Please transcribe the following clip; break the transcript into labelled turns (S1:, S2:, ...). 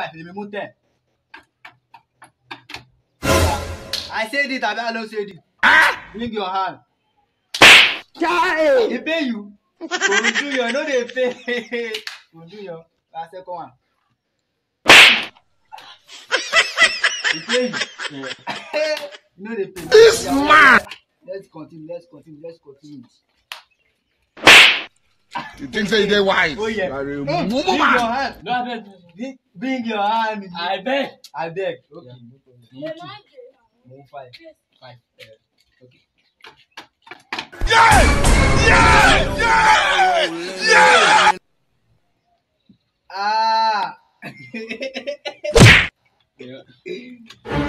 S1: five lèmi mú ten.
S2: I said it abi I said it. Bring your hand. Chai! He pay you. Ojuyo no dey pay. Ojuyo na second one.
S3: He pay you. Yeah. no dey pay.
S4: This man.
S1: Let's continue. Let's continue. Let's continue.
S4: You think say they wise? Oh yeah. Hmm. Bring your hand.
S1: No, I beg. Bring
S5: your hand. I beg. I beg. Okay. Yeah. Move five. Five. Uh, okay.
S6: Yeah! Yeah! Yeah! Ah! Yeah! Ah! yeah.